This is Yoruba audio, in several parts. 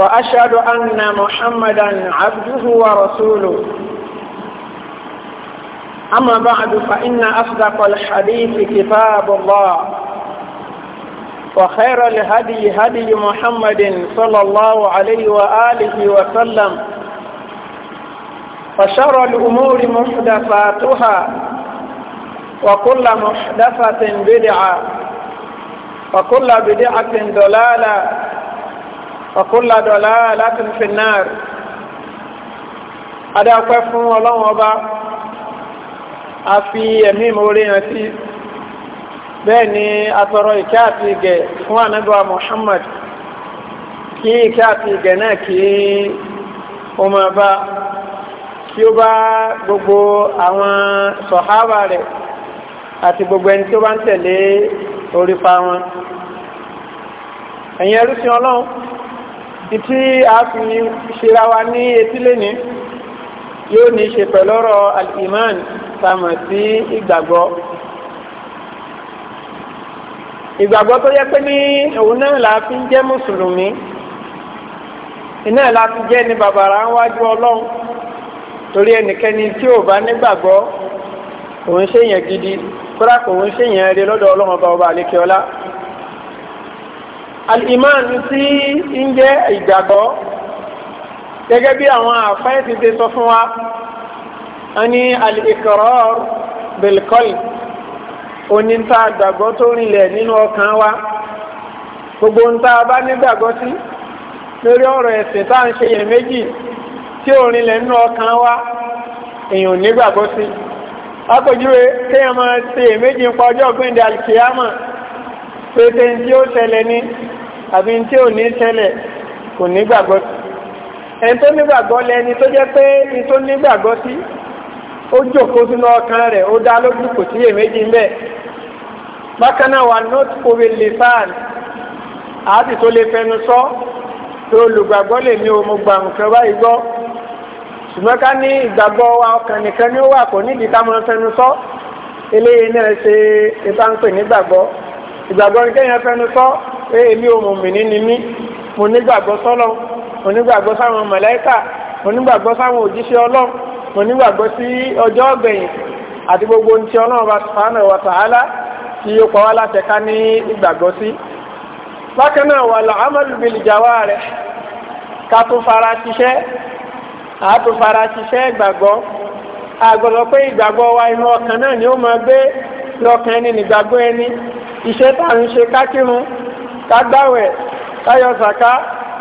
وأشهد أن محمدا عبده ورسوله أما بعد فإن أصدق الحديث كتاب الله وخير الهدي هدي محمد صلى الله عليه وآله وسلم وشر الأمور محدثاتها وكل محدثة بدعة وكل بدعة ضلالة وكل ضلالة في النار adáàpẹ́ fún ọlọ́run ọba a fi ẹ̀mí ìmòrí hàn sí bẹ́ẹ̀ ni atọrọ ìkẹ́ àti ìgẹ̀ fún ànábíwá Muhammad kí ìkẹ́ àti ìgẹ̀ náà kí o máa bá kí ó bá gbogbo àwọn sọ̀hábà rẹ̀ àti gbogbo ẹni tí ó bá ń tẹ̀lé orípa wọn ẹ̀yin ẹrú sí ọlọ́run ìtí a fi ṣera wa ní etílé ní yóò ní ṣe pẹ̀lọ́rọ̀ al-iman tamọ̀ sí ìgbàgbọ́ ìgbàgbọ́ tó yẹ pé ní òun náà la fi ń jẹ́ mùsùlùmí iná la fi jẹ́ ní bàbàrà wájú ọlọ́run torí ẹnikẹ́ni tí ò bá nígbàgbọ́ òun ṣèyàn gidi kódà kò ń ṣèyàn eré lọ́dọ̀ ọlọ́run ọba ọba àlékè al-iman tí ń jẹ́ ìgbàgbọ́ gẹ́gẹ́ bí àwọn àfáìsì ti sọ fún wa a ní al-iqrar bil-qalb oníta àgbàgbọ́ tó rinlẹ̀ nínú ọkàn wa gbogbo ń tá a bá nígbàgbọ́ sí lórí ọ̀rọ̀ ẹ̀sìn tá à ń ṣe yẹn méjì tí ò rinlẹ̀ nínú ọkàn wa èèyàn nígbàgbọ́ sí lápòjúwe kéèyàn máa ṣe èméjì ń pa ọjọ́ ògbéǹde àlìkìyàmọ̀ pété tí ó ṣẹlẹ̀ ní àbí tí ò ní tẹ́lẹ̀ kò nígbàgbọ́ ẹni tó nígbàgbọ́ lẹni tó jẹ́ pé ní tó nígbàgbọ́ sí ó jókòó sínú ọkàn rẹ̀ ó dá lójú kò sí èméjì ńbẹ̀ bákan náà wà not owe lè fàn àti tó lè fẹnu sọ pé olùgbàgbọ́ lè ní o mo nǹkan báyìí gbọ́ ṣùgbọ́n ká ní ìgbàgbọ́ wa ọkàn nìkan ni ó wà kò nídìí ká máa fẹnu sọ eléyìí náà ṣe ìbá ń pè nígbàgbọ́ ìgbàgbọ́ ni kéèyàn fẹnu sọ pé èmi ò mùmínì ni mí mo nígbàgbọ́ sọ́lọ́ mo nígbàgbọ́ sáwọn mo nígbàgbọ́ sáwọn òjíṣẹ́ ọlọ́ mo nígbàgbọ́ sí ọjọ́ ọ̀gbẹ̀yìn àti gbogbo ohun tí ọlọ́run bá tí ó pa wá ká ní ìgbàgbọ́ sí. bákan náà wà lọ ká tó ọkàn náà ni ó máa gbé lọ́kàn ẹni nígbàgbọ́ ẹni iṣẹ́ tá à kágbáwẹ̀ káyọ̀sàká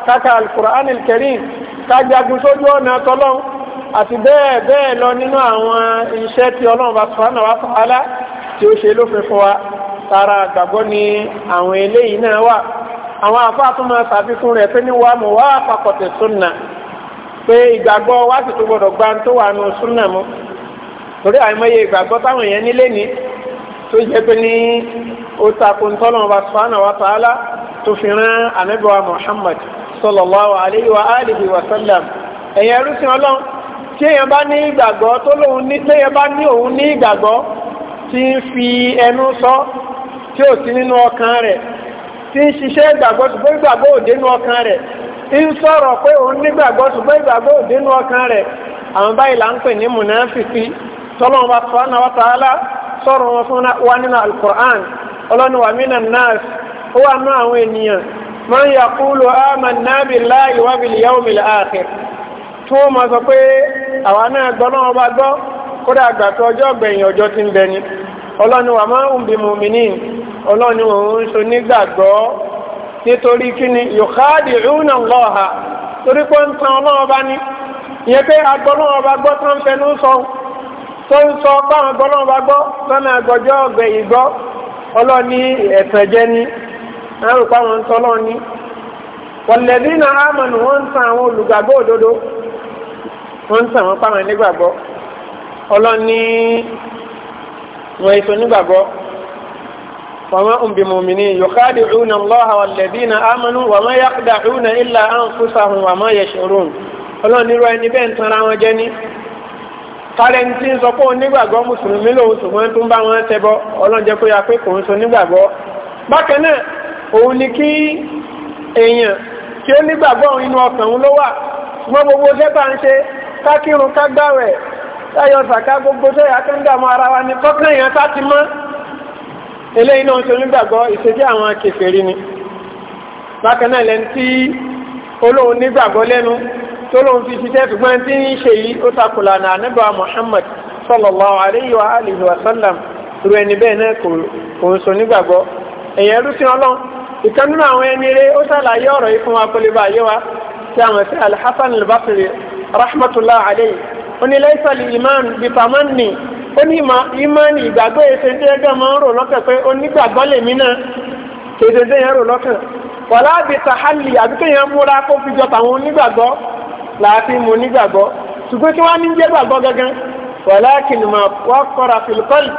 káka alukur'an alkarim kájagun sójú ọ̀nà tọ́lọ́n àti bẹ́ẹ̀ bẹ́ẹ̀ lọ nínú àwọn iṣẹ́ tí ọlọ́run bá sọ̀rọ̀ wá ala tí ó ṣe lófin fún wa tara àgbàgbọ́ ni àwọn eléyìí náà wà àwọn àfáà tó máa ṣàfikún rẹ̀ pé ní wàá mọ̀ wá àpapọ̀tẹ̀ súnà pé ìgbàgbọ́ wa sì tó gbọdọ̀ gba tó wà nù súnà mọ́ torí àìmọye ìgbàgbọ́ táwọn èèyàn nílé ní tó jẹ́ pé ní ó takùn tọ́lọ́run bá sọ̀rọ̀ wá sọ̀rọ̀ tó fi rán anábíwá Muhammad sallallahu alayhi wa alihi wa sallam ẹ̀yẹ rúsìn ọlọ́run tí èèyàn bá ní ìgbàgbọ́ tó lóun ní bá ní òun ní ìgbàgbọ́ tí ń fi ẹnu sọ tí ò sí nínú ọkàn rẹ̀ tí ń ṣiṣẹ́ ìgbàgbọ́ ṣùgbọ́n ìgbàgbọ́ òde nínú ọkàn rẹ̀ ń sọ̀rọ̀ pé òun ṣùgbọ́n ìgbàgbọ́ òde nínú ọkàn rẹ̀ àwọn báyìí là ń pè ní tọ́lọ́wọ́n bá sọ́nà wa sọ̀rọ̀ wọn fún wa nínú ó wà nú àwọn ènìyàn máa ń yàkúlò amanna billahi wa bil yawmil akhir tó máa sọ pé àwa náà gbọ́ náà bá gbọ́ kódà àgbà tó ọjọ́ gbẹ̀yìn ọjọ́ ti ń bẹ ni ọlọ́ni wà máa ń bi mu'minin ọlọ́ni òun so nígbàgbọ́ nítorí kíni yukhadi'una Allaha torí pé ń tan ọlọ́ọ̀bá ni ìyẹn pé agbọ́lọ́ọ̀bá gbọ́ tó fẹnu sọ tó ń sọ báwọn agbọ́lọ́ọ̀bá gbọ́ lọ́nà àgbọ̀jọ́ ọ̀gbẹ̀ ìgbọ́ ọlọ́ni ẹ̀tàn jẹ́ ni àwọn òpá wọn ń sọ lọ́wọ́ ní wọ̀lẹ́bí náà ń àwọn olùgbàgbọ́ òdodo wọ́n ń wọn nígbàgbọ́ ọ̀nà lọ́ha náà yàkúdà ọ̀nà ọlọ́ni rọ ẹni bẹ́ẹ̀ ń wọn jẹ́ ní ń nígbàgbọ́ wọn ọlọ́njẹ́ pé a pé kò ń nígbàgbọ́ bákan náà òun ni kí èèyàn tí ó nígbàgbọ́ inú ọkàn òun ló wà ṣùgbọ́n gbogbo iṣẹ́ bá ń ṣe kákírun kágbàwẹ̀ táyọ̀ sàká gbogbo sẹ́yà kẹ́ńdàmú ara wa ni kọ́kàn èèyàn sá ti mọ́ eléyìí náà ṣe onígbàgbọ́ ìṣesí àwọn tí ó alayhi wa alihi wa sallam irú ẹni bẹ́ẹ̀ náà kò ń sọ nígbàgbọ́ èèyàn rúsìn ọlọ́run ìkan nínú àwọn ẹni rẹ ó ṣàlàyé ọ̀rọ̀ yìí fún wa kó lè bá yé wa tí a mọ̀ sí alhassan albasri rahmatulah alayhi ó ní laisal iman bitamanni ó ní ìmánì ìgbàgbọ́ èsè tí ẹgbẹ́ máa ń rò lọ́kàn pé ó nígbàgbọ́ lèmi náà èsè yẹn rò lọ́kàn wàlá bi tahalli àbí kéèyàn múra kó fi jọ tàwọn onígbàgbọ́ làáfi mu onígbàgbọ́ ṣùgbọ́n kí wọ́n ní jẹ́ gbàgbọ́ gangan wàlá kìnnìmọ̀ wọ́n kọ́ra fìlkọ́lì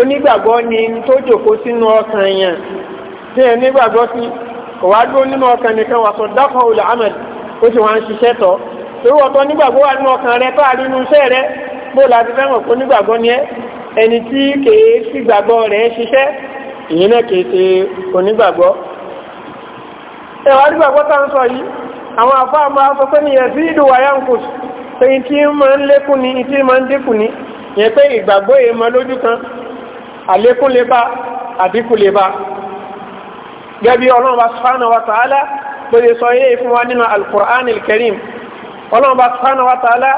onígbàgbọ́ ni tó jòkó sínú ọkàn yẹn tí ẹ nígbàgbọ́ sí kò wá dúró nínú ọkàn nìkan wà sọ dákọ̀ olè ahmed ó sì wọ́n ń ṣiṣẹ́ tọ́ torí wọ́n nígbàgbọ́ wà nínú ọkàn rẹ tó àrínú iṣẹ́ rẹ bó láti fẹ́ràn kó nígbàgbọ́ ni ẹ ẹni tí kèé sí gbàgbọ́ rẹ̀ ṣiṣẹ́ ìyẹn náà kèé ṣe onígbàgbọ́ ẹwà nígbàgbọ́ tá ń sọ yìí àwọn àfáà máa sọ pé nìyẹn sí ìdù wáyà ń kù pé tí máa ń lékún ni tí máa ń dínkù ni yẹn pé ìgbàgbọ́ èèmọ lójú kan àlékún lè bá àdínkù lè bá gẹ́bí ọlọ́run bá subhanahu wa ta'ala tó lè sọ yé fún wa nínú al-Qur'an al-Karim ọlọ́run bá subhanahu wa ta'ala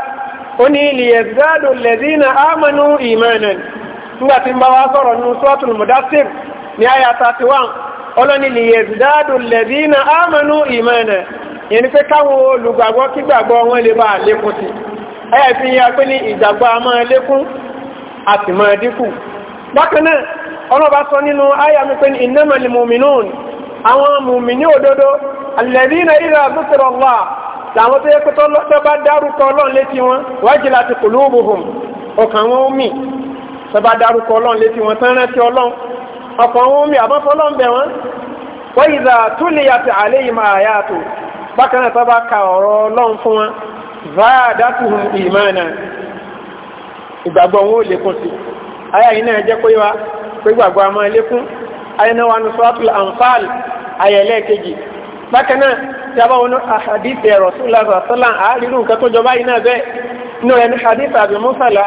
ó ní liyazdadu alladhina amanu imanan nígbà tí ń bá wa sọ̀rọ̀ nínú suratul mudaththir ní àyà 31 ọlọ́ni liyazdadu alladhina amanu imanan yẹn ni pé káwọn olùgbàgbọ́ kí gbàgbọ́ wọn lè bá lékún sí ẹ̀yà fi yá pé ní ìgbàgbọ́ a máa lékún a sì máa dínkù bákan náà ọlọ́ba sọ nínú àyà mi pé ní innamal mu'minun àwọn mùmíní òdodo alladhina idha dhukira Allah làwọn tó yẹ pé tọ́ bá dárúkọ ọlọ́run létí wọn wajilat qulubuhum ọkàn wọn ó mì tọ́ bá dárúkọ ọlọ́run létí wọn tán rántí ọlọ́run ọkàn wọn ó mì àbọ̀fọ́ ọlọ́run bẹ̀ wọ́n wa idha tuliyat alayhim ayatu bákan náà tọ́ bá ka ọ̀rọ̀ ọlọ́run fún wọn zaadatuhum imana ìgbàgbọ́ wọn ó lékún sí ayé àyínà ẹ̀jẹ̀ pé wá pé gbàgbọ́ àmọ́ lékún ayẹnà wa ní suratul anfal ayẹlẹ kejì bákan náà tí a bá wọn hadith ẹ̀rọ sọ́lá sọ́lá àárínú nǹkan tó jọba yìí náà bẹ́ẹ̀ inú rẹ̀ ní hadith àbí musala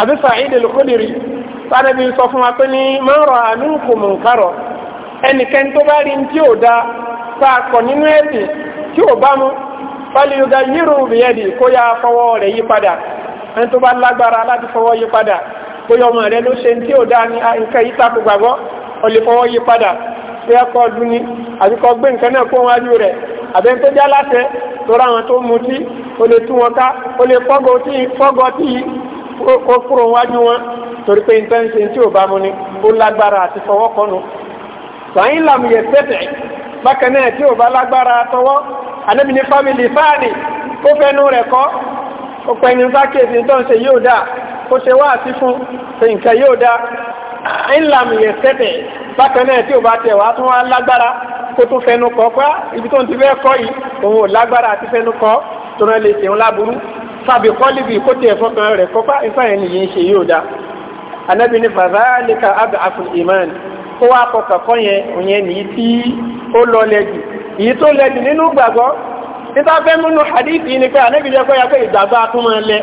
àbí sa'id al-khudri sanabi sọ fún wa pé ní máa rọ àánú kò mọ̀ nkárọ̀ ẹnikẹ́ni tó bá rí da tá a kọ̀ nínú ẹ̀sìn tí mu fali yuga yírù bìyẹ́dì kó yá fọwọ́ rẹ̀ yí padà ẹni tó bá lágbára láti fọwọ́ yí padà bóyá ọmọ rẹ ló ṣe tí ò dáa ní nǹkan yìí tako gbàgbọ́ ó lè fọwọ́ yí padà bóyá kọ́ ọdún ni àbí kọ́ gbé nǹkan náà kó wájú rẹ̀ àbẹ́ tó já láṣẹ tó ra àwọn tó mutí ó lè tú wọn ká ó lè fọ́gọ́ tí fọ́gọ́ tí kó kúrò wájú wọn torí pé nǹkan ṣe tí ò bá mu ni ó lágbára àti fọwọ́ kọ́nu sàyìn làmùyẹ tẹ́tẹ̀ bákan náà tí ò bá lágbára kó ṣe wá àti fún ṣe nǹkan yóò dá ńlàmù yẹn tẹ́tẹ̀ bákan náà tí ò bá tẹ̀ wá tún wá lágbára kó tún fẹnu kọ́ pa ibi tó ń ti fẹ́ kọ́ yìí òun ò lágbára àti fẹnu kọ́ tó náà lè ṣeun láburú tàbí kọ́líbì kó tiẹ̀ fọkàn rẹ̀ kọ́ pa ìfà yẹn nìyẹn ṣe yóò dá anabi ní fàzálíkà abu afun iman kó wá kọkàn kọ́ yẹn òun yẹn nìyí tí ó lọ lẹ́jù èyí tó lẹ́jù nínú gbàgbọ́ nípa fẹ́ múnú hadith yìí ni pé anabi jẹ́ kó yà pé ìgbàgbọ́ atúmọ̀ lẹ́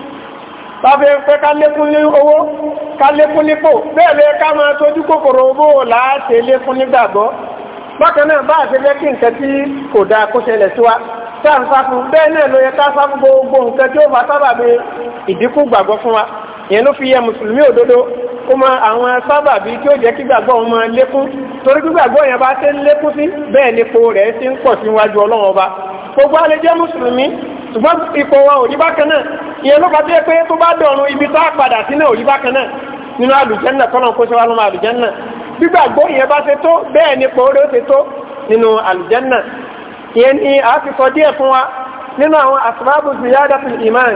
tàbí pé ká lékún ní owó ká lékún nípò bẹ́ẹ̀ lè ká máa tójú kòkòrò owó láti lékún nígbàgbọ́ bákan náà bá àti lẹ́kí nǹkan tí kò dáa kó ṣẹlẹ̀ sí wa tá n sáfù bẹ́ẹ̀ náà ló yẹ ká sáfù gbogbo nǹkan tí ó bá sábà bí ìdínkù gbàgbọ́ fún wa ìyẹn ló fi yẹ mùsùlùmí òdodo kó máa àwọn sábà bí tí ó jẹ́ kí gbàgbọ́ wọn máa lékún torí gbígbàgbọ́ yẹn bá ṣe ń lékún sí bẹ́ẹ̀ ni po rẹ̀ ṣe ń pọ̀ síwájú ọlọ́run ọba gbogbo alẹ́ mùsùlùmí ṣùgbọ́n ipò wa ò rí bákan náà ìyẹn ló bá jẹ́ pé tó bá dọ̀run ibi tá a padà sí náà ò rí bákan náà nínú àlùjẹ́nà kọ́nà kó ṣe wá lọ́mọ àlùjẹ́nà gbígbàgbọ́ ìyẹn bá ṣe tó bẹ́ẹ̀ ni pòórè ó ṣe tó nínú àlùjẹ́nà ìyẹn ni a ti sọ díẹ̀ fún wa nínú àwọn asbabu ziyadatul iman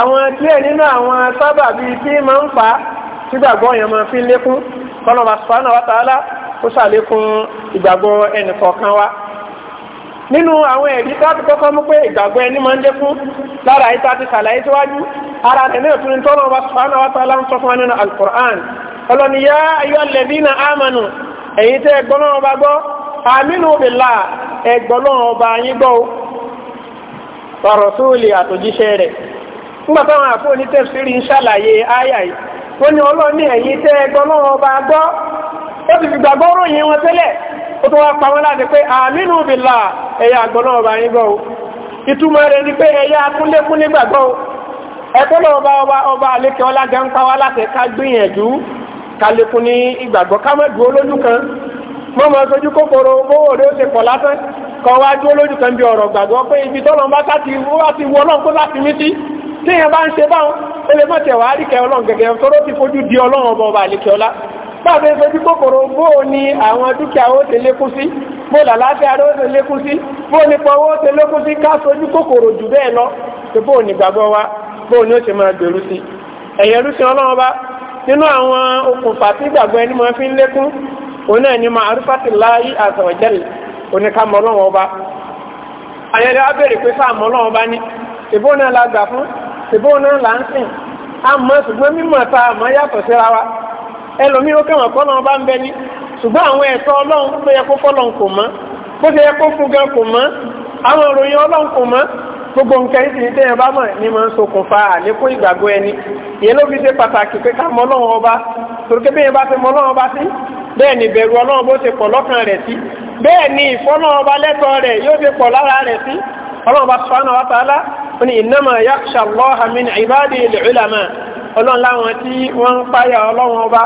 àwọn díẹ̀ nínú àwọn sábà bíi tí máa ń fà á gbígbàgbọ́ ìyẹn máa fi lékún kọ́nà subhanahu wa kó ṣàlékún ìgbàgbọ́ ẹnì kọ̀ọ̀kan wa. nínú àwọn ẹ̀rí táàtì kọ́kọ́ mú pé ìgbàgbọ́ ẹni máa ń jẹ́ fún lára ìta ti ṣàlàyé síwájú ara rẹ̀ náà tún tọ́lọ́ wa subhanahu wa ta'ala ń sọ fún wa nínú alukur'an amanu ẹ̀yin tẹ́ ẹgbọ́n náà gbọ́ aminu billah ẹgbọ́n náà yín gbọ́ wa rasuli àtòjíṣẹ́ rẹ̀ nígbà táwọn àfọ ń ṣàlàyé áyà yìí wọ́n ní ọlọ́ni tẹ́ ẹgbọ́n gbọ́ ó ti ó tó wá pamọ́ láti pé àmínú bìlà ẹ̀yà àgbọ̀n náà bá yín gbọ́ o ìtumọ̀ rẹ̀ ni pé ẹ̀yà kúnlékúnlé gbàgbọ́ o ẹ̀kọ́ lọ́wọ́ bá ọba ọba àlékè ọlá jẹ́ ń pa wá láti ká gbìyànjú ká lékún ní ìgbàgbọ́ ká má dúró lójú kan mọ́ mọ́ sojú kòkòrò owó rẹ̀ ó ti pọ̀ lásán kan wá dúró lójú kan bí ọ̀rọ̀ gbàgbọ́ táàbí fojú kòkòrò bóò ni àwọn dúkìá ó ti lékún sí bóò làlàáfíà ó ti lékún sí bóò nípa owó ó ti lékún sí ká sojú kòkòrò jù bẹ́ẹ̀ lọ tó bóò ní gbàgbọ́ wa bóò ni ó ti máa gbèrú sí ẹ̀yẹ rúṣin ọlọ́run bá nínú àwọn okùnfà tí gbàgbọ́ ẹni máa fi ń lékún òun náà ni máa rúfàtì láàyè àtọ̀jẹ́lì oníkàmọ́ ọlọ́run ọba àyẹ̀lẹ́ á bèrè pé sáà mọ́ ọlọ́run ọba la gbà fún ìbò náà là ń sìn àmọ́ ṣùgbọ́n mímọ̀ ta àmọ́ ẹlòmíì ó kẹwọn kọ́ lọ́wọ́ bá ń bẹ ní ṣùgbọ́n àwọn ẹ̀tọ́ ọlọ́run tó yẹ kó fọ́lọ́n kò mọ́ bó ṣe yẹ kó fún gan kò mọ́ àwọn ìròyìn ọlọ́run kò mọ́ gbogbo nǹkan yìí ní tẹ́yẹ bá mọ̀ ní máa ń ṣokùnfà àlékún ìgbàgbọ́ ẹni ìyẹn ló fi ṣe pàtàkì pé ká mọ ọlọ́run ọba torókè bẹ́ẹ̀ bá ti mọ ọlọ́run ọba sí bẹ́ẹ̀ ni ìbẹ̀rù ọlọ́run bó ṣe pọ̀ lọ́kàn rẹ̀ sí bẹ́ẹ̀ ni ìfọ́nà ọba lẹ́tọ̀ọ́ rẹ̀ yóò ṣe pọ̀ lára rẹ̀ sí ọlọ́run ọba subhanahu wa ta'ala ó ní innama yakhsha Allaha min ibadihi al ọlọ́run láwọn tí wọ́n ń páyà ọlọ́run ọba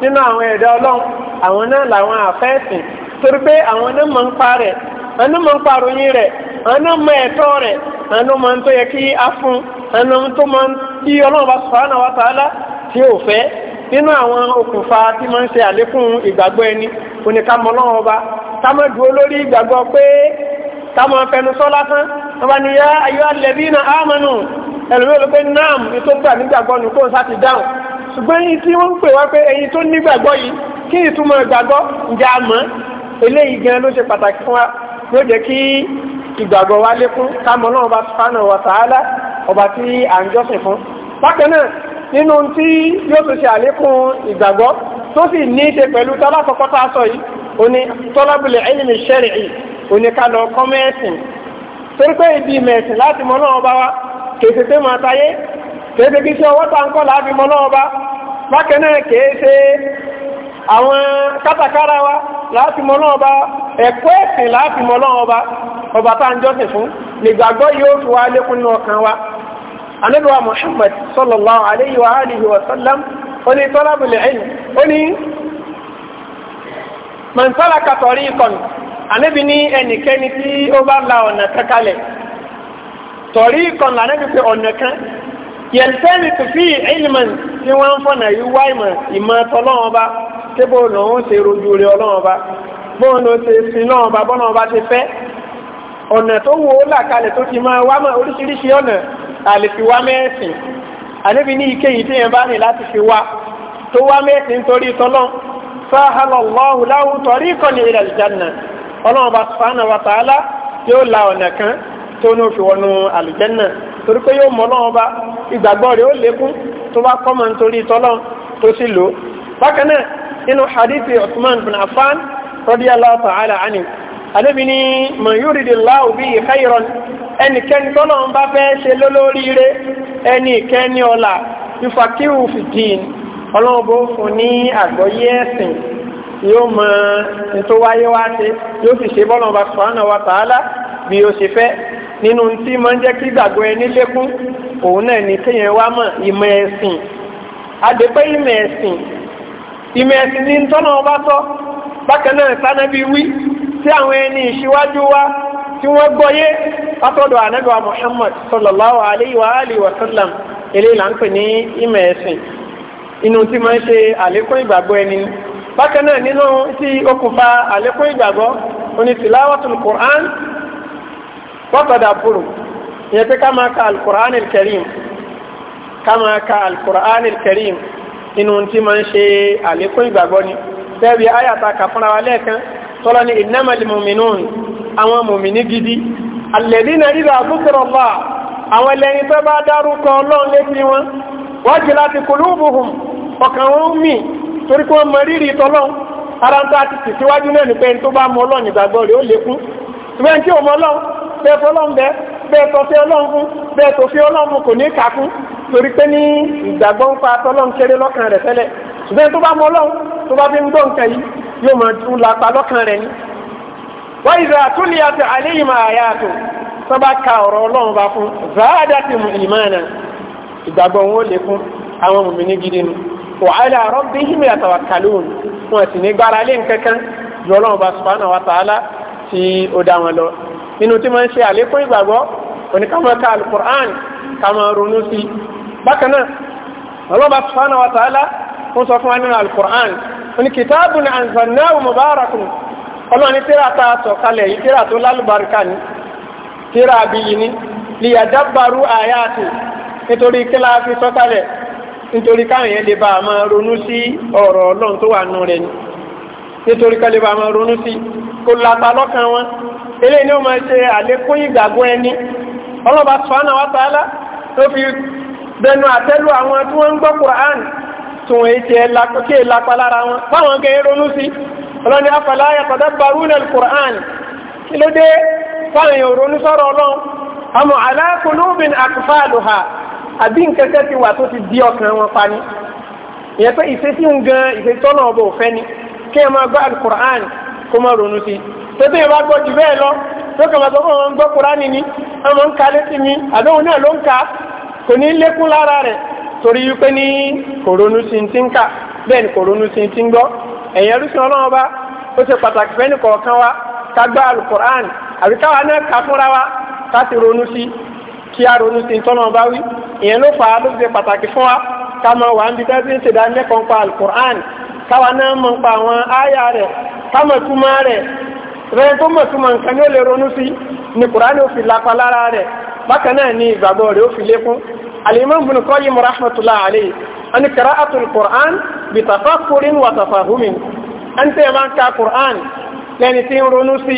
nínú àwọn ẹ̀dá ọlọ́run àwọn náà làwọn àfẹ́sìn torí pé àwọn náà mọ̀ ń pa rẹ̀ àwọn náà mọ̀ ń paròyìn rẹ̀ àwọn náà mọ̀ ẹ̀tọ́ rẹ̀ àwọn náà mọ̀ ń tó yẹ kí á fún àwọn náà tó mọ̀ tí ọlọ́run bá subhanahu wa ta'ala tí ò fẹ́ nínú àwọn okùnfà tí máa ń ṣe àlékún ìgbàgbọ́ ẹni oníkàmọ́ ọlọ́run ọba ká má dúró lórí ìgbàgbọ́ pé ká má fẹnu sọ lásán wọn bá ní yá ayọ́ alẹ́bí náà ámánù ẹlòmíràn ló pé nam ni tó gbà nígbàgbọ́ ni kó n sá ti dáhùn ṣùgbọ́n yìí tí wọ́n ń pè wá pé ẹyin tó nígbàgbọ́ yìí kí ìtumọ̀ ìgbàgbọ́ ǹjẹ́ a mọ̀ eléyìí gan ló ṣe pàtàkì fún wa ló jẹ́ kí ìgbàgbọ́ wa lékún kámọ́ náà ọba sùpánà wa tààlà ọba tí à ń jọ́sìn fún bákan náà nínú tí yóò tún ṣe àlékún ìgbàgbọ́ tó sì ní í ṣe pẹ̀lú tọ́lá kọ́kọ́ tá a torí pé ìdí mẹ̀sìn láti mọ́ náà ọba wa kèsè pé máa tayé kèsè kí sí ọwọ́ ta ń kọ́ láàbí mọ́ lọ́wọ́ bá bákan náà kèsè àwọn kátàkárà wa láti mọ́ lọ́wọ́ bá ẹ̀kọ́ ẹ̀sìn láti mọ́ lọ́wọ́ bá ọba tá ń jọ́sìn fún nígbàgbọ́ yóò fi wá lékún ní ọkàn wa Muhammad sallallahu alayhi wa sallam ó ní talabul ilm ó ní man salaka tariqan anábí ní ẹnikẹ́ni la ọ̀nà kankalẹ̀ tọ̀rí kan lànà ti pé ọ̀nà kan yẹ̀ntẹ́ni tó fi ìlmẹ̀n tí wọ́n ń fọ̀nà yìí wá ìmọ̀ ìmọ̀ tọ́lọ́wọ́n bá tí bó lọ ń ṣe rojú rẹ̀ ọlọ́wọ́n bá bó lọ ṣe sin lọ́wọ́n bá bọ́lọ́wọ́n bá ti fẹ́ ọ̀nà tó wo ó là kalẹ̀ tó ti máa wá mọ́ oríṣiríṣi ọ̀nà àlèfi wá mẹ́sìn àníbi ní ike yìí tí yẹn bá ní láti fi wá tó wá mẹ́sìn torí tọ́lọ́n sahalallahu lahu tariqan ila aljanna ọlọ́wọ́n bá subhanahu wa ta'ala yóò la ọ̀nà kan tó ní òfin wọnú àlùjẹ́nà torí pé yóò mọ̀ lọ́wọ́ bá ìgbàgbọ́ rẹ̀ ó lékún tó bá kọ́ mọ̀ nítorí tọ́lọ́n tó sì lò bákan náà nínú hadithi Uthman bin Affan radiyallahu ta'ala anhu alẹ́bi ni man yuridillahu bihi khayran ẹnikẹ́ni tọ́lọ́n bá fẹ́ ṣe lólóríire ẹni ìkẹ́ni ọ̀la yufakihu fid-din ọlọ́wọ́ bó fún ní àgbọ́yé ẹ̀sìn wáyé wá ṣe yóò sì ṣe bọ́lọ̀ bá subhanahu wa ta'ala bí ó ṣe fẹ́ nínú tí máa ń jẹ́ kí gbàgbọ́ ẹni lékún òun náà ní kéèyàn wá mọ̀ ìmọ̀ ẹ̀sìn àdépẹ́ ìmọ̀ ẹ̀sìn ìmọ̀ ẹ̀sìn ní tọ́nà ọba sọ bákan náà sánábí wí tí àwọn ẹni ìṣíwájú wa tí wọ́n gbọ́yé látọ̀dọ̀ ànágbà Muhammad sallallahu alayhi wa alihi wa sallam eléyìí là ní ìmọ̀ ẹ̀sìn inú tí máa ń ṣe àlékún ìgbàgbọ́ ẹni bákan náà nínú tí okùnfà àlékún ìgbàgbọ́ oní tìláwàtul Qur'an wọ́pọ̀dà fúrù ìyẹn pé ká máa ka alukur'an karim ká máa ka alukur'an karim inú tí máa ń ṣe àlékún ìgbàgbọ́ ni bẹ́ẹ̀ bí ayàtà kà wa lẹ́ẹ̀kan tọ́lọ́ ní innamal mu'minun àwọn mùmìnì gidi alladhina idha dhukira Allah àwọn ẹlẹ́yìn tó bá dárúkọ ọlọ́run létí wọn wajilat qulubuhum ọkàn wọn mì torí kí wọ́n mọ rírì tọ́lọ́run ara ń tó àti tìsíwájú náà ní pé tó bá mọ ọlọ́run ìgbàgbọ́ rẹ̀ ó lékún ṣùgbọ́n tí ò mọ ọlọ́run bẹ́ẹ̀ fọlọ́n bẹ́ẹ̀ bẹ́ẹ̀ tọ́ sí ọlọ́run fún bẹ́ẹ̀ tó fi ọlọ́run kò ní kàkún torí pé ní ìgbàgbọ́ ń pa tọ́lọ́run kéré lọ́kàn rẹ̀ tẹ́lẹ̀ ṣùgbọ́n tó bá mọ ọlọ́run tó bá fi ń gbọ́ nǹkan yìí yóò máa tún lápá lọ́kàn rẹ̀ ni. wọ́n ìzà àtúnlẹ̀ àti àléyìn máa yá àtò tó bá ka ọ̀rọ̀ ọlọ́run bá fún záádá ti mú ìmáàna ìgbàgbọ́ wọn ó lè fún àwọn mùmíní wọn lọ nínú tí máa ń ṣe àlékún ìgbàgbọ́ oníkàmọ́ká alukur'an kàmọ́ ronú sí bákan náà ọlọ́ba subhanahu wa ta'ala ń sọ fún wa nínú alukur'an oní kitabun anzalnahu mubarakun ọlọ́ni tíra ta sọ ni tíra àbíyí ayati nítorí kílá fi sọ kalẹ̀ nítorí káwọn yẹn lè bá a máa ronú sí ọ̀rọ̀ ọlọ́run tó wà nù rẹ̀ ni nítorí ká lè bá a máa ronú sí kó lápá lọ́kàn wọn ilé ni ó máa ṣe àlékún ìgbàgbọ́ ẹni ọlọ́ba sọ́nà wátàálá tó fi bẹnu àtẹ́lù àwọn tí wọ́n ń gbọ́ Qur'an tún ètè ké lápá lára wọn báwọn kẹ́ ronú sí ọlọ́ni afala yatadabbaruna al-Qur'an kí ló dé ala qulubin aqfaluha àbí nkẹ́kẹ́ ti wà tó ti di ọkàn wọn pa ni ìyẹn pé ìfẹ́sí ń gan ìfẹ́sí tọ́nà ọba òfẹ́ ni kí ẹ máa gbọ́ al kó máa ronú sí tóbi yẹn bá gbọ́ jù bẹ́ẹ̀ lọ lókè máa sọ fún ọmọ gbọ́ kúránì ni ọmọ ka létí mi àdóhùn náà ló ń ka kò ní lékún lára rẹ̀ torí wípé ní kòrónú sí ti ń kà bẹ́ẹ̀ ni kòrónú sí ti ń gbọ́ ẹ̀yìn ẹlúsìn ọlọ́run bá ó ṣe pàtàkì fẹ́ni kọ̀ọ̀kan wa ká gbá alukur'an àbí káwa náà kà fúnra wa kí a ronú sí tọ́nà bá wí ìyẹn ló fà ló ṣe pàtàkì fún wa ká máa wà níbi tẹ́sí ń ṣèdá mẹ́kọ̀ọ́ pa alukur'an náà mọ̀ pa àwọn áyà rẹ̀ ká mọ̀ túmọ̀ rẹ̀ rẹ̀ tó mọ̀ túmọ̀ nǹkan ni ó lè ronú sí ni kùránì ó fi lápá lára rẹ̀ bákan náà ni ìgbàgbọ́ rẹ̀ ó fi lékún alimam bin Qayyim rahmatullahi alayhi ani qira'atul qur'an bi tafakkurin wa tafahumin an tẹ́ máa ń ka qur'an lẹ́ni tí ń ronú sí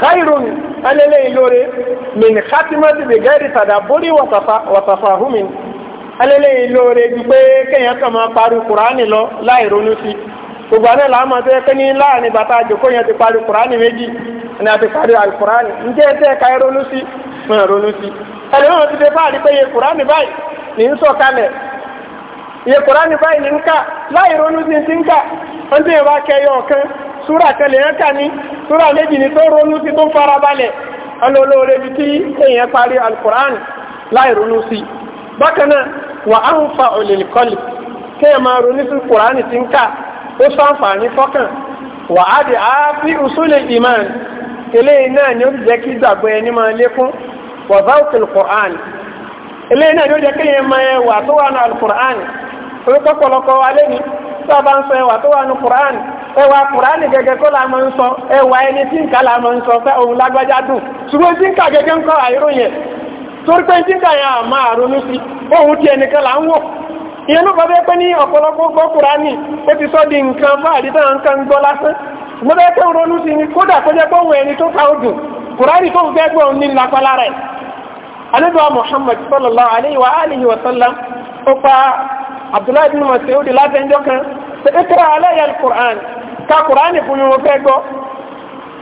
khairun alẹ́lẹ́ gbogbo àná làámọ̀ tó yẹ pé ní láàrin bàtà àjòkó yẹn ti parí kùránì méjì ni a ti parí àkùránì ǹjẹ́ ẹ tẹ́ ẹ̀ka ẹ ronú sí mọ̀ ẹ ronú sí ẹlẹ́wọ̀n ti dé fáàrí pé iye kùránì báyìí ní ń sọ̀kalẹ̀ iye kùránì báyìí ní ń kà láì ronú sí ti ń kà wọ́n ti yẹ wá kẹyọ ọ̀kan súrà kẹlẹ̀ yẹn kà ní súrà méjì ní tó ronú sí tó farabalẹ̀ ọlọ́lọ́ọ̀rẹ́ bí tí èèyàn parí alkùránì láì ronú sí bákan náà wà á ń fa òlìlìkọlì kéèyàn máa ronú sí kùránì ti ń ó sàǹfààní fọ́kàn wà á di àáfi usule iman eléyìí náà ni ó jẹ́ kí gbàgbọ́ ẹni máa lékún wà záwùkì alukur'an eléyìí náà ni ó jẹ́ kí yẹn máa wà tó wà ní alukur'an orúkọ pọ̀lọpọ̀ wa lẹ́ni tó a bá ń sọ ẹwà tó wà ní kur'an ẹwà kur'an gẹ́gẹ́ kó la máa ń sọ ẹwà ẹni tí ń kà la máa ń sọ fẹ́ òun lágbájá dùn ṣùgbọ́n tí ń gẹ́gẹ́ ń kọ́ ìyẹn ló fọdẹ pé ní ọ̀pọ̀lọpọ̀ gbọ́ kúránì ó ti sọ di nǹkan fáàrí tó nǹkan gbọ́ lásán mo fẹ́ pé ronú sí ni kódà kó jẹ́ pé òun ẹni tó fa odò kúránì tó ń fẹ́ gbọ́ ní lápálá rẹ̀ alẹ́dọ̀ọ́ Muhammad sallallahu alayhi wa alihi wa sallam ó pa Abdullahi bin Mas'ud látẹ̀jọ́ kan ṣèkítọ́ra aláyà kúrán ká kúránì fún mi mo fẹ́ gbọ́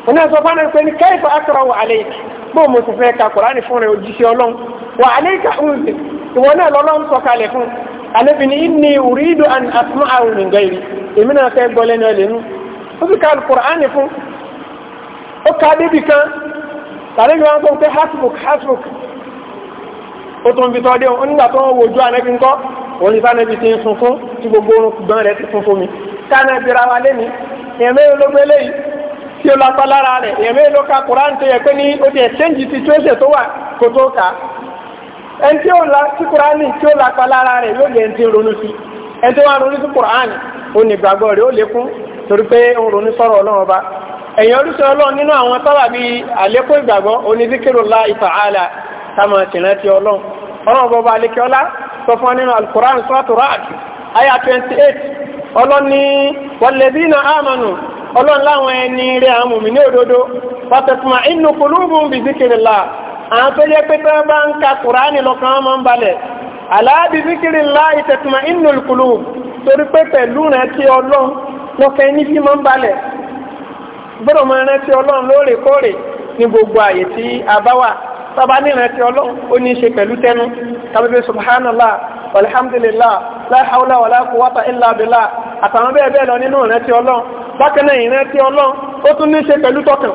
oní ẹ̀sọ́ fún ẹni pé ní kayfa aqra'u alayka bó mo sì fẹ́ ka kúránì fún rẹ̀ òjíṣẹ́ Ọlọ́run wà alayka unzil ìwọ náà lọ́lọ́run sọ kalẹ̀ fún un ale n'i inni uridu an asma'ahu min gairi imina ta gole ne le nu ko bi ka alqur'ani fu o ka de bi ka tare ga ko te hasbuk hasbuk o ton bi to de on ga to wo ju ane bi ko on ni fane ti bo gono ku dan re ti sun ka mi kana bi ra wale ni e me lo mele yi ti o la pala ra re e me lo ka qur'an te e ko ni o de senji ti ka ẹni tí ó la sí kúránì tí ó lapa lára rẹ̀ yóò lè ti ronú sí ẹni tí wọ́n ronú sí kúránì ó ní ìgbàgbọ́ rẹ̀ ó torí pé ó ronú sọ̀rọ̀ ọlọ́run ọba ẹ̀yìn oríṣi ọlọ́run nínú àwọn sábà bí àlékún ìgbàgbọ́ onídíkèròlá ìfàhálà táwọn tìrántí ọlọ́run ọlọ́run bọba alékẹ́ọ́lá sọ fún nínú aya twenty eight láwọn ẹni àmùmí ní òdodo inú àwọn tó jẹ́ pé tó bá ń ka kùránì lọ́kàn wọn máa ń balẹ̀ aláàbí zikiri ńlá ìtẹ̀tùmọ̀ inú ìkùlù torí pé pẹ̀lú rẹ̀ tí ọlọ́run lọ́kàn ẹni fi ń balẹ̀ gbọ́dọ̀ máa rántí ọlọ́run lóòrèkóòrè ní gbogbo àyè tí a bá wà tọ́ba ní ìrántí ọlọ́run ó ní í ṣe pẹ̀lú tẹnu tàbí subhanallah alhamdulillah la hawla wala quwwata illa billah àtàwọn bẹ́ẹ̀ bẹ́ẹ̀ lọ nínú ìrántí ọlọ́run bákan náà ìrántí ọlọ́run ó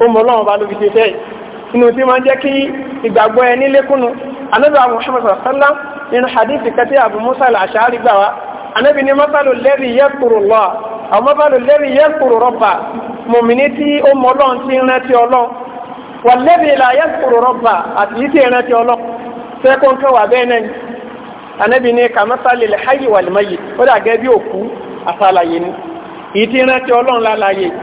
ó mọ ọlọ́run ọba ló fi ṣe fẹ́ inú tí máa jẹ́ kí ìgbàgbọ́ ẹ ní lékúnnu anábì abu muhammad sallam nínú hadithi kẹtí abu musa al-ashari gbà wá anábì ní masalu lẹ́rì yẹ́kùrù lọ àwọn masalu lẹ́rì yẹ́kùrù rọ́bà mùmíní tí ó mọ ọlọ́run tí ń rántí ọlọ́run wà lẹ́rì là yẹ́kùrù rọ́bà àti yìí tí rántí ọlọ́run fẹ́kọ̀ọ́ nǹkan wà bẹ́ẹ̀ náà ní kàmásálì lẹ́hàyè wà ó dà bí òkú àtàlàyé ni ìtì rántí ọlọ́run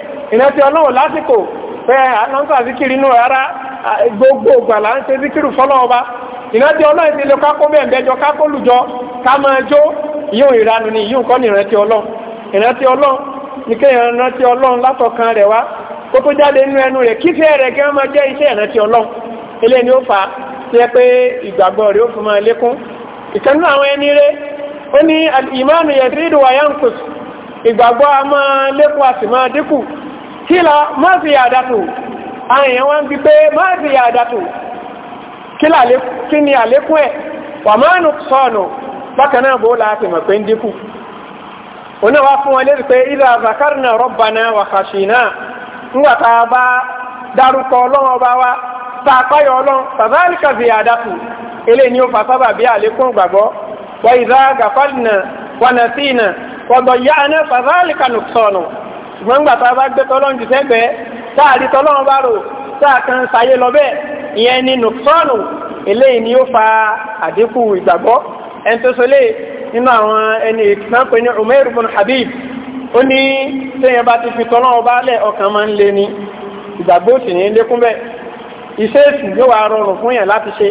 ìrántí ọlọ́run lásìkò pé àlọ́ńtà zikiri inú ara gbogbo ògbà là ń ṣe zikiri fọlọ́wọ́ bá ìrántí ọlọ́run ti lọ kákó bẹ́ẹ̀ bẹ́jọ kákó lùjọ ká máa jó yóò ìranu ni yóò kọ́ ní ìrántí ọlọ́run ìrántí ọlọ́run ní kí wọ́n máa jẹ́ ni ó fà á tí ẹ pé ìgbàgbọ́ rẹ̀ ó fún máa lékún ìkànnú àwọn ẹni rẹ̀ ó ní ìmánu yẹ̀dírídùwà yankùs ìgbàgbọ́ kí lọ má fi àdàtù àwọn èèyàn wá ń bi pé má fi àdàtù kí ni àlékún ẹ̀ wà máa nù sọ̀nù bákan náà bó láti mọ̀ pé ń dínkù òní wá fún wọn lérí pé ìlà zakarna rabbana wa khashina ńgbà tá a bá dárúkọ ọlọ́run ọba wa tá a ṣùgbọ́n nígbà tá a bá gbé tọ́lọ́run jù sẹ́gbẹ̀ẹ́ tá a rí tọ́lọ́run bá rò tá a kan ṣayé lọ bẹ́ẹ̀ ìyẹn ni nùfọ́ọ̀nù eléyìí ni ó fa àdínkù ìgbàgbọ́ ẹni tó sọ léè nínú àwọn ẹni ìtàn pé ní Umair ibn Habib ó ní téèyàn bá ti fi tọ́lọ́run bá lẹ̀ ọkàn máa ń le ni ìgbàgbọ́ sì ní lékún bẹ́ẹ̀ iṣẹ́ èsì yóò wá rọrùn fún yàn láti ṣe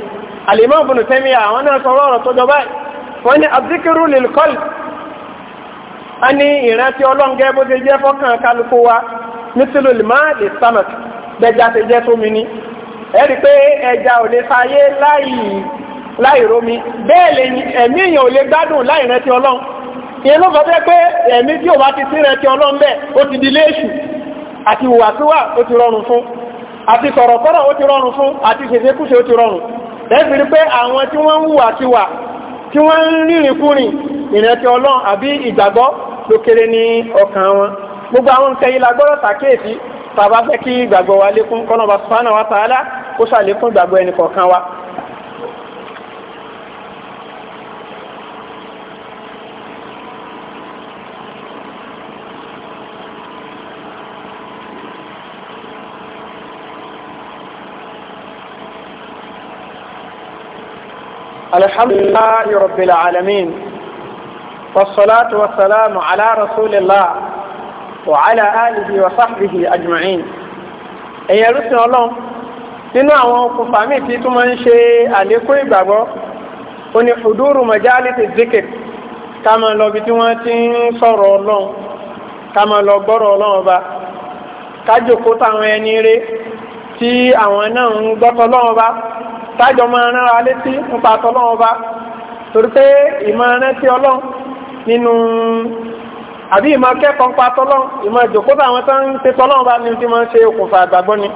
àlèmọ́ a ní ìrántí ọlọ́ngẹ́ bó ṣe jẹ́ fọ́kàn kálukú wa nítorí lè má lè stomach gbẹja ṣe jẹ́ tómi ni ẹ̀rí pé ẹja ò lè fàyè láì romi bẹ́ẹ̀ lè ẹ̀mí èèyàn ò lè gbádùn láì rántí ọlọ́run ìyẹn ló fọ́ bẹ́ẹ̀ pé ẹ̀mí tí ò bá ti sí rántí ọlọ́run bẹ́ẹ̀ ó ti di léṣù àti ìwàsíwà ó ti rọrùn fún àti sọ̀rọ̀kọ́rọ̀ ó ti rọrùn fún àti pé àwọn tí wọ́n ń wùwà tiwà tí wọ́n ń rìnrìn kúrin ìrántí ọlọ́run àbí ìgbàgbọ́ ló kéré ní ọkàn wọn gbogbo àwọn nǹkan yìí la gbọ́dọ̀ ṣàkíyèsí tàbá fẹ́ kí ìgbàgbọ́ wa lékún kọ́nà bá subhanahu wa ta'ala kó ṣàlékún ìgbàgbọ́ ẹnì kọ̀ọ̀kan wa. alhamdulillahi rabbil alamin والصلاة والسلام على رسول الله وعلى آله وصحبه أجمعين ẹ̀yẹ rúsìn ọlọ́run nínú àwọn okùnfà míì tí tún máa ń ṣe àlékún ìgbàgbọ́ ó ní huduru majalisi zikir ká máa lọ bí tí wọ́n ti ń sọ̀rọ̀ ọlọ́run ká máa lọ gbọ́rọ̀ ọlọ́run ọba ká jókòó táwọn ẹni rẹ tí àwọn náà ń gbọ́tọ̀ ọlọ́run ọba tájọ máa rán ara létí ń pa tọ́lọ́run ọba torí pé ìmọ̀ rántí ọlọ́run nínú àbí ìmọ̀ akẹ́kọ̀ọ́ pa tọ́lọ́ ìmọ̀ ìjòkó àwọn tó ń ṣe tọ́lọ́ bá ní tí wọ́n ṣe okùnfà àgbàgbọ́ ni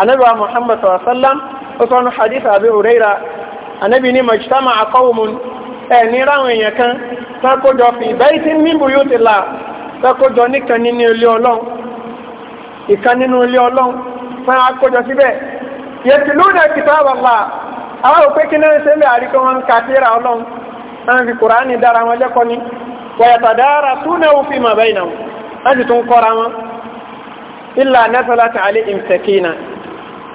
anábì wa muhammad sallam ó sọ ní hadith àbí òreira anábì ní majtama akọ́wùmùn ẹ̀ ní ráwọn èèyàn kan tọ́kójọ fi baytin min buyutillah tọ́kójọ nìkan nínú ilé ọlọ́run ìkan nínú ilé ọlọ́run fún akójọ síbẹ̀ yẹtùlúnà kìtàbàlá àwọn òpé kí náà ṣe lè àríkọ́ wọn kàtírà ọlọ́run àwọn fi kùránì dára wọn lẹ́kọ́ ni baina dára túnà òfin mà bẹ́ẹ̀ náà wọ́n sì tún kọ́ra wọn ilà nẹ́tọ́lá ti alẹ́ ìmùsẹ̀kìnà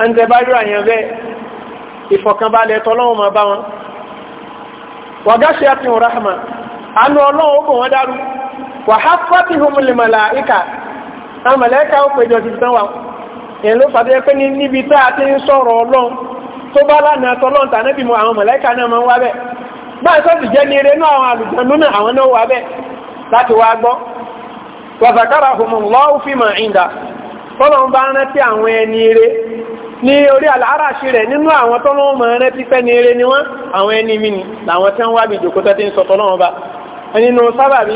ẹni tẹ́ bá yóò àyàn bẹ́ẹ̀ ìfọ̀kànbalẹ̀ tọ́lọ́wọ́n máa bá wọn wàgáṣẹ́ àti rahma anú ọlọ́wọ́ bò wọ́n dárú wàháfàtì humul màláìkà amàlẹ́kà ó péjọ ti tán wa èyàn ló fàdé pé ní níbi tá a ti ń sọ̀rọ̀ ọlọ́run tó bá lánàá tọ́lọ́run tànẹ́bí mu àwọn màláìkà náà máa ń wá bẹ́ẹ̀ báyìí tó sì jẹ́ ní eré náà àwọn àlùjànnú náà àwọn náà wà bẹ́ẹ̀ láti wá gbọ́ wàzàkárà humullahu ma inda tọ́lọ́n bá rántí àwọn ẹni eré ní orí àlàáràṣí rẹ̀ nínú àwọn tọ́lọ́n mọ̀ rántí fẹ́ni eré ni wọ́n àwọn ẹni ni làwọn tí wọ́n wá bí ìjòkó tẹ́tí ń sọ tọ́lọ́n bá nínú sábàbí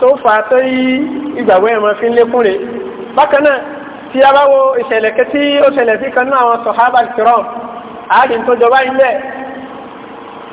tó fà á tó yí ìgbàgbọ́ ẹ̀mọ́ fi ń lékún rẹ̀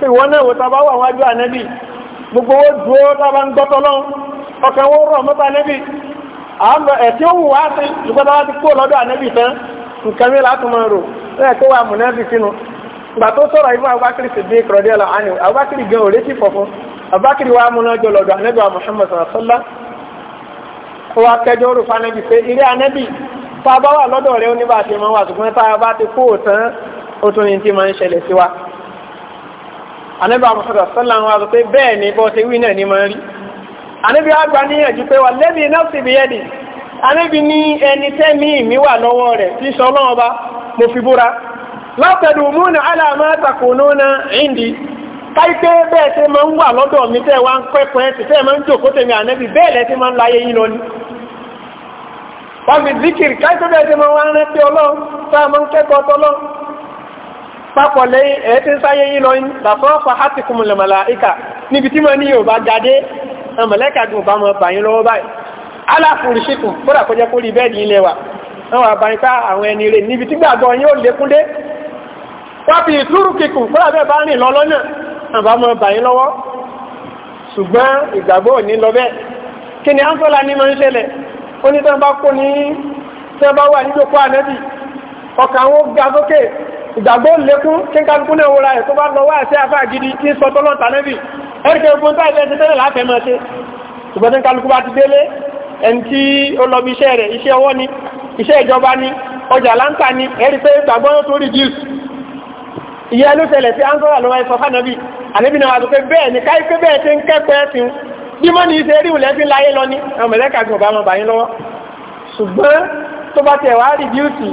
ìwọ náà wò tàbá wà wájú ànẹ́bì gbogbo owó dúró tàbá ń gbọ́tọ́ lọ́n ọkàn wó rọ̀ mọ́ta ànẹ́bì àmọ́ ẹ̀tí ó wù wá sí ìgbọ́tọ́ wá ti kó lọ́dọ̀ ànẹ́bì tán nǹkan mi láti mọ̀ rò lẹ́yìn tó wà mùnẹ́bì sínú ìgbà tó sọ̀rọ̀ ibú abubakiri sì dé ìkọ̀rọ̀dé ọ̀la àní abubakiri gan ò létí fọ̀fún abubakiri wa múná jọ lọ́dọ̀ ànẹ́bì wa Muhammad sọ̀rọ̀sọ́lá ó wá kẹjọ ó rò fún ànẹ́bì pé ilé ànẹ́bì tá a bá wà lọ́dọ̀ rẹ̀ ó ní bá a anẹ́bà mọ̀sọ̀dọ̀ sọ́lá wọn àti pé bẹ́ẹ̀ ni bọ́ ti wí náà ní máa rí anẹ́bí àgbà níyànjú pé wà lẹ́bí nafsi biyadi anẹ́bí ní ẹni tẹ́mí mi wà lọ́wọ́ rẹ̀ tí sọ lọ́wọ́ bá mo fi búra indi káìpé bẹ́ẹ̀ tẹ́ máa ń wà lọ́dọ̀ mi tẹ́ wá ń pẹ́pẹ́ tẹ́ tẹ́ máa ń jòkó tẹ̀mí anẹ́bí bẹ́ẹ̀ lẹ́ tẹ́ máa papọ̀ lẹ́yìn ẹ̀ tí ń sáyé yín lọ làfọ́ fa hati kùmù lè màláìka níbi tí mo ní yóò bá gadé màláìka gùn bá mọ̀ bàyín lọ́wọ́ báyìí aláfùrù ṣìkùn kódà kọjá kó rí bẹ́ẹ̀ ní ilẹ̀ wa wọn wà báyìí ká àwọn ẹni rẹ̀ níbi tí gbàgbọ́ yín ó ni ánsọ́lá ní máa ń ṣẹlẹ̀ ó ní tí wọ́n bá kó ìgbàgbọ́ lékún kí n ká kún náà wúra ẹ̀ tó bá lọ wá sí afá gidi tí sọ tọ́lọ́ tànẹ́bì ẹ̀rìkẹ́ ogun tó ẹ̀fẹ́ tẹ́lẹ̀ láfẹ́mọ́ sí ṣùgbọ́n tí n kálukú bá ti délé ẹni tí ó lọ bí iṣẹ́ rẹ̀ iṣẹ́ ọwọ́ ni iṣẹ́ ìjọba ni ọjà láńtà ni ẹ̀rí pé ìgbàgbọ́ tó rí jù ìyá ló tẹ̀lẹ̀ sí ánsọ́rà lọ́wọ́ ẹ̀sọ́ fánàbì ànẹ́bì náà wà pé bẹ́ẹ̀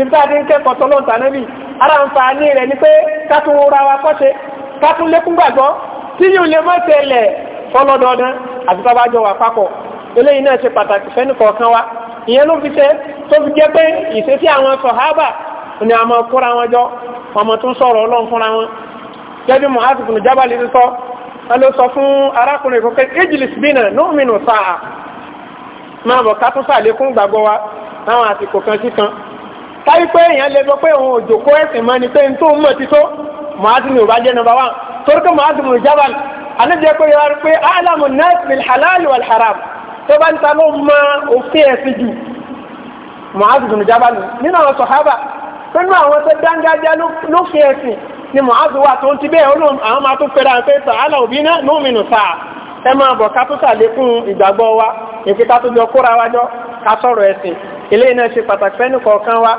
ibi àti nke tọ́lọ́ tànẹ́bì ara ń fa ní rẹ̀ ni pé kátún ra wa kọ́ṣe kátún lékún gbàgbọ́ tí yìí lè mọ́ fọlọ́dọọdún àti tábàjọ wà papọ̀ eléyìí náà ṣe pàtàkì ìyẹn ló fi ṣe tó fi jẹ́ pé ìṣesí àwọn sọ̀hábà ni a máa kóra wọn jọ ọmọ tó ń sọ̀rọ̀ ọlọ́run fúnra wọn jẹ́bi fún arákùnrin sáà máa bọ̀ ká wa láwọn táyé pé èèyàn lè sọ pé òun ò jòkó ẹ̀sìn mọ́ ni pé n tó ń mọ̀ ti tó mọ̀ádùn ò bá jẹ́ nọ́mbà wán torí pé mọ̀ádùn ò jábà ànájẹ́ pé yọ wárí pé alamu nas bil halal haram tó bá ń ta ló mọ òfin ẹ̀sìn jù mọ̀ádùn ò jábà nínú àwọn sọ̀hábà nínú àwọn tó dángájá lófin ẹ̀sìn ni mọ̀ádùn wà tó ń ti bẹ́ẹ̀ olóhùn àwọn máa tó fẹ́ra pé sàhálà òbí náà nómìnù sáà ẹ máa bọ̀ ká tó sàlékún ìgbàgbọ́ wa ìpítà tó jọ kóra wa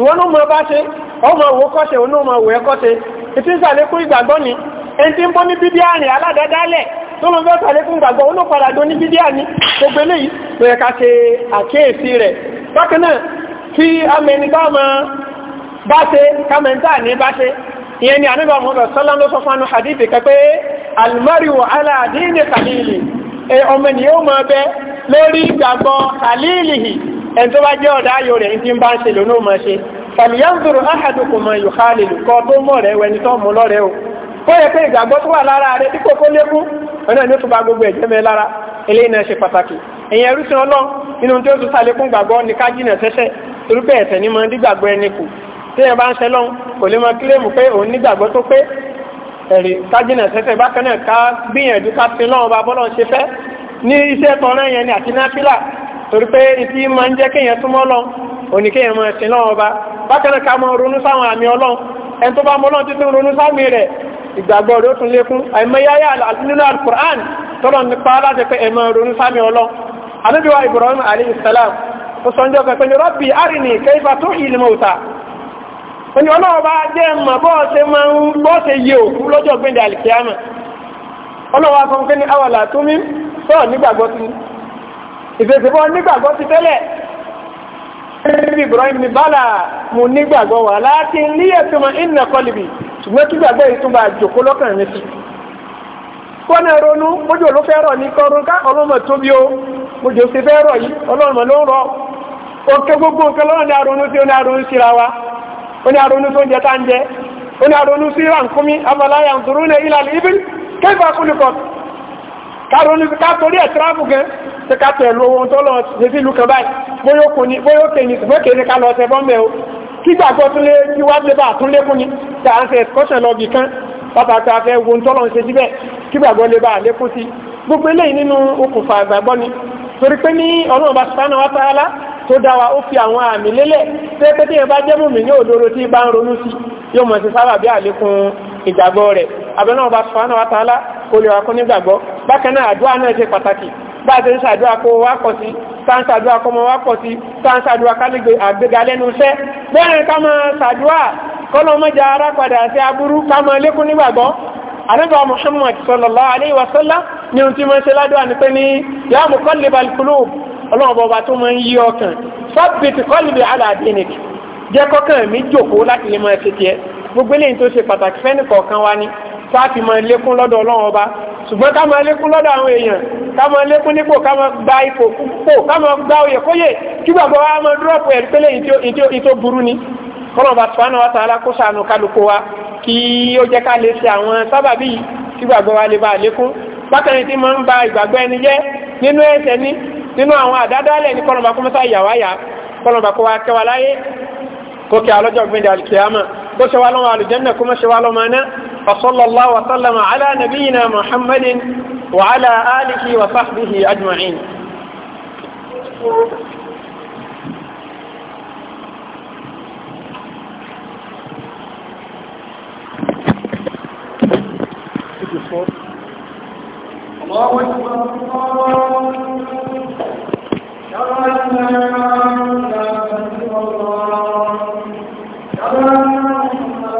ìwọ́n ló mọ bá ṣe ọmọ òwò kọ́ṣe òun ló mọ òwò ẹ kọ́ṣe ìtí ń sàlékún ìgbàgbọ́ ni ẹni tí ń bọ́ ní bíbí àrìn aládàádálẹ̀ tó ló ń fẹ́ ìgbàgbọ́ òun ní bíbí àní ni àníbà mọ́bẹ̀ sọ́lá ló sọ fánú hadith kẹpẹ́ almari wa aláàdínì kàlílì ọmọ ènìyàn mọ́ bẹ lórí ìgbàgbọ́ kàlílì ẹni tó bá jẹ́ ọ̀dá ayò rẹ̀ ní tí ń bá ń ṣe lónà ó máa ṣe fàlìyàndòrò áhàdùkù mọ ìyòká lèlù kọ tó mọ̀ rẹ̀ wẹni tó mú lọ́rẹ̀ o ó yẹ pé ìgbàgbọ́ tó wà lára rẹ̀ dípò kó lékún ọ̀nà ni ó tún bá gbogbo ẹ̀jẹ̀ mẹ́ lára eléyìí náà ṣe pàtàkì ẹ̀yìn ẹrú sí ọlọ́ inú tó tún sàlékún gbàgbọ́ ní kájínà sẹ́sẹ́ torípé ẹ̀sẹ̀ ní mọ dígbàgbọ́ ẹni kù tí ẹ bá ń ṣẹlọ́n kò lè mọ kílèmù pé òun nígbàgbọ́ tó pé ẹ̀rí kájínà sẹ́sẹ́ bákan náà ká gbìyànjú ká sin lọ́wọ́ bá bọ́lọ́ ṣe fẹ́ ní iṣẹ́ tọrọ yẹn ni àti náfìlà torí pé ìtí máa ń jẹ́ kéèyàn túmọ̀ lọ òní kéèyàn máa sin lọ́wọ́ ọba bákan náà ká mọ ronú sáwọn àmì ọlọ́run ẹni tó bá mọ ọlọ́run títí ronú sáàmì rẹ̀ ìgbàgbọ́ rẹ̀ ó tún lékún àìmọyáyà nínú alukur'an tọ́lọ̀ nípa láti pé ẹ̀mọ ronú sáàmì ọlọ́run ànábì wa Ibrahim alayhi salam ó sọ ọjọ́ ìfẹsẹ̀bọ́ nígbàgbọ́ ti tẹ́lẹ̀ níbi Ibrahim ní bala mo nígbàgbọ́ wà láti ní ẹ̀tùmọ̀ ìnà kọlìbì ṣùgbọ́n kí gbàgbọ́ yìí tún bá jòkó lọ́kàn mi sí. wọ́n náà ronú mójú ló fẹ́ rọ̀ ní kọrun ká ọlọ́mọ tóbi o mójú sí fẹ́ rọ̀ yìí ọlọ́mọ ló ń rọ òkè gbogbo nǹkan lọ́rọ̀ ní aronú tí ó ní aronú síra wa ń jẹ tá ń jẹ ní aronú sí ránkúmí afọláyà káró níbi ká torí ẹ̀ tíráàbù gan ṣe ká tẹ̀ lu ohun tó lọ ṣe sí ìlú kan báyìí bóyá ó kò ní bóyá ó kéyìn ṣùgbọ́n kéyìn ká lọ ṣe bọ́m̀bẹ̀ o kí gbàgbọ́ tún lé kí wá lé bá tún lékún ni tá à ń ṣe excursion lọ bì kan pátákó afẹ́ ohun tó lọ ṣe síbẹ̀ lé bá ni torí pé ní ọlọ́run bá subhanahu wa ta'ala tí ẹ ń ronú sí yóò mọ̀ sí sábà ìgbàgbọ́ rẹ̀ àbẹ́nà ọba subhanahu wa kó lè wá kó nígbàgbọ́ bákan náà àdúrà náà ṣe pàtàkì bá a ṣe ń ṣàdúrà kó wá pọ̀ sí tá ń ṣàdúrà kó mọ wá pọ̀ sí tá ń ṣàdúrà ká lè àgbéga lẹ́nu iṣẹ́ bẹ́ẹ̀ ká máa ṣàdúrà kọ́lọ́ mọ́jà ara padà aburú ká máa lékún nígbàgbọ́ àdúgbò Muhammad sallallahu alaihi wasallam ní ohun tí mo ń ṣe ládùúgbà ni pé ní ya muqallibal qulub ọlọ́run bọba tó máa ń yí ọkàn sábìtì kọ́lùbì aládìníkì jẹ́ kọ́kàn mi jòkó láti lè máa ṣe tiẹ̀ gbogbo eléyìí tó ṣe pàtàkì fẹ́ni kọ̀ọ̀kan wa ni sáàfì máa lékún lọ́dọ̀ ọlọ́run ọba ṣùgbọ́n ká máa lékún lọ́dọ̀ àwọn èèyàn ká máa lékún nípò ká máa gba ipò púpọ̀ ká máa gba oyè kóyè kí gbàgbọ́ wa máa dúrọ́pù ẹ̀rí pélé ìtó burú ni kọ́nà bá tùwánà wa tààlà kó sànù kálukú wa kí ó jẹ́ ká lè ṣe àwọn sábàbí kí gbàgbọ́ wa lè bá lékún bákan tí máa ń ba ìgbàgbọ́ ẹni jẹ́ nínú ẹ̀ṣẹ̀ ni nínú àwọn àdádálẹ̀ ní kọ́nà bá kó mọ́sá ìyàwó àyà kọ́nà bá kó wa kẹwàá láyé kó kí alọ́jọ́ gbẹ̀dẹ̀ àlùkìyàmà kó ṣe wá lọ́wọ́ àlùjẹ́nà kó mọ́ ṣe wá lọ́mọ náà فصلى الله وسلم على نبينا محمد وعلى آله وصحبه أجمعين الله أكبر الله أكبر